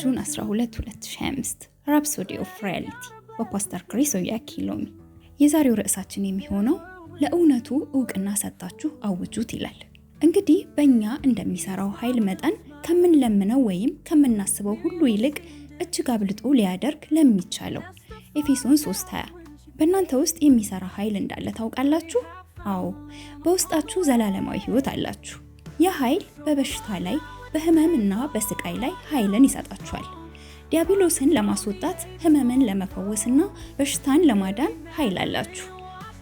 ጁን 12 2025 ራፕሶዲ ኦፍ ሪያሊቲ በፓስተር ክሪስ ኦያኪሎሚ። የዛሬው ርዕሳችን የሚሆነው ለእውነቱ እውቅና ሰጣችሁ አውጁት ይላል። እንግዲህ በእኛ እንደሚሰራው ኃይል መጠን ከምንለምነው ወይም ከምናስበው ሁሉ ይልቅ እጅግ አብልጦ ሊያደርግ ለሚቻለው ኤፌሶን 20 በእናንተ ውስጥ የሚሰራ ኃይል እንዳለ ታውቃላችሁ። አዎ፣ በውስጣችሁ ዘላለማዊ ህይወት አላችሁ። ያ ኃይል በበሽታ ላይ በህመምና በስቃይ ላይ ኃይልን ይሰጣችኋል። ዲያብሎስን ለማስወጣት ህመምን ለመፈወስና በሽታን ለማዳን ኃይል አላችሁ።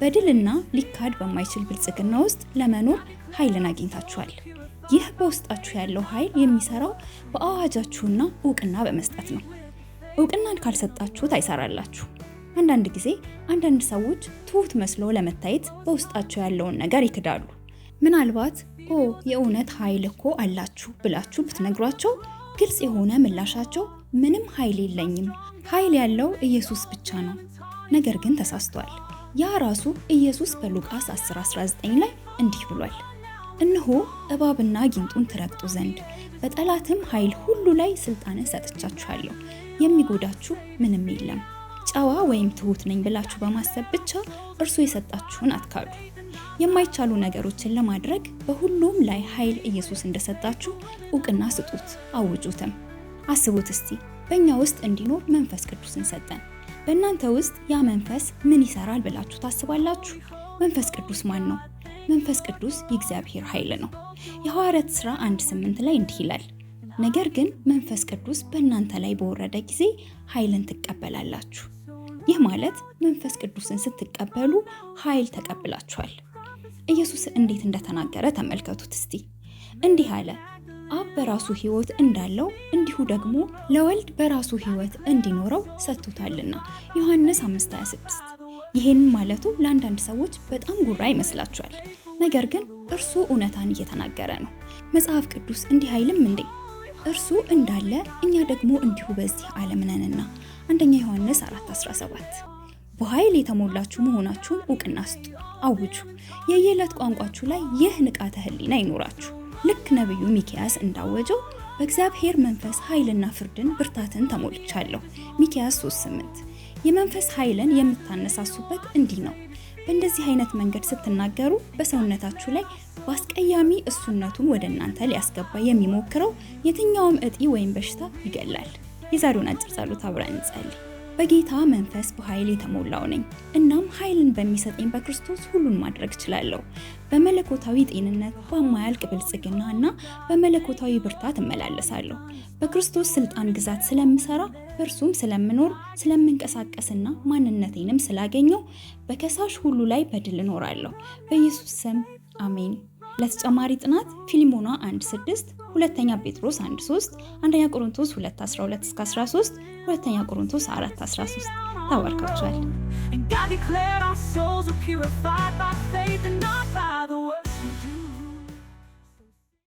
በድልና ሊካድ በማይችል ብልጽግና ውስጥ ለመኖር ኃይልን አግኝታችኋል። ይህ በውስጣችሁ ያለው ኃይል የሚሰራው በአዋጃችሁና እውቅና በመስጠት ነው። እውቅናን ካልሰጣችሁት አይሰራላችሁ። አንዳንድ ጊዜ አንዳንድ ሰዎች ትሁት መስሎ ለመታየት በውስጣቸው ያለውን ነገር ይክዳሉ። ምናልባት ኦ የእውነት ኃይል እኮ አላችሁ ብላችሁ ብትነግሯቸው ግልጽ የሆነ ምላሻቸው ምንም ኃይል የለኝም፣ ኃይል ያለው ኢየሱስ ብቻ ነው። ነገር ግን ተሳስቷል። ያ ራሱ ኢየሱስ በሉቃስ 10:19 ላይ እንዲህ ብሏል፣ እነሆ እባብና ጊንጡን ትረግጡ ዘንድ በጠላትም ኃይል ሁሉ ላይ ስልጣንን ሰጥቻችኋለሁ፣ የሚጎዳችሁ ምንም የለም። ጨዋ ወይም ትሑት ነኝ ብላችሁ በማሰብ ብቻ እርሱ የሰጣችሁን አትካዱ። የማይቻሉ ነገሮችን ለማድረግ በሁሉም ላይ ኃይል ኢየሱስ እንደሰጣችሁ እውቅና ስጡት፣ አውጩትም። አስቡት እስቲ በእኛ ውስጥ እንዲኖር መንፈስ ቅዱስን ሰጠን። በእናንተ ውስጥ ያ መንፈስ ምን ይሰራል ብላችሁ ታስባላችሁ? መንፈስ ቅዱስ ማን ነው? መንፈስ ቅዱስ የእግዚአብሔር ኃይል ነው። የሐዋርያት ሥራ 1:8 ላይ እንዲህ ይላል፣ ነገር ግን መንፈስ ቅዱስ በእናንተ ላይ በወረደ ጊዜ ኃይልን ትቀበላላችሁ። ይህ ማለት መንፈስ ቅዱስን ስትቀበሉ ኃይል ተቀብላችኋል። ኢየሱስ እንዴት እንደተናገረ ተመልከቱት እስቲ። እንዲህ አለ፣ አብ በራሱ ሕይወት እንዳለው እንዲሁ ደግሞ ለወልድ በራሱ ሕይወት እንዲኖረው ሰጥቶታልና ዮሐንስ 5:26። ይህን ማለቱ ለአንዳንድ ሰዎች በጣም ጉራ ይመስላችኋል። ነገር ግን እርሱ እውነታን እየተናገረ ነው። መጽሐፍ ቅዱስ እንዲህ አይልም እንዴ? እርሱ እንዳለ እኛ ደግሞ እንዲሁ በዚህ ዓለም ነንና አንደኛ ዮሐንስ 4:17 በኃይል የተሞላችሁ መሆናችሁን እውቅና ስጡ፣ አውጁ። የየዕለት ቋንቋችሁ ላይ ይህ ንቃተ ህሊና ይኖራችሁ። ልክ ነቢዩ ሚኪያስ እንዳወጀው በእግዚአብሔር መንፈስ ኃይልና ፍርድን ብርታትን ተሞልቻለሁ። ሚኪያስ 3:8 የመንፈስ ኃይልን የምታነሳሱበት እንዲህ ነው። በእንደዚህ አይነት መንገድ ስትናገሩ በሰውነታችሁ ላይ በአስቀያሚ እሱነቱን ወደ እናንተ ሊያስገባ የሚሞክረው የትኛውም እጢ ወይም በሽታ ይገላል። የዛሬውን አጭር ጸሎት አብረን እንጸልይ። በጌታ መንፈስ በኃይል የተሞላው ነኝ። እናም ኃይልን በሚሰጠኝ በክርስቶስ ሁሉን ማድረግ እችላለሁ። በመለኮታዊ ጤንነት፣ በማያልቅ ብልጽግና እና በመለኮታዊ ብርታት እመላለሳለሁ። በክርስቶስ ስልጣን ግዛት ስለምሰራ፣ በእርሱም ስለምኖር፣ ስለምንቀሳቀስና ማንነቴንም ስላገኘው በከሳሽ ሁሉ ላይ በድል እኖራለሁ። በኢየሱስ ስም አሜን። ለተጨማሪ ጥናት ፊልሞና 1:6፣ ሁለተኛ ጴጥሮስ 1:3፣ አንደኛ ቆሮንቶስ 2:12-13፣ ሁለተኛ ቆሮንቶስ 4:13። ተባርካችኋል።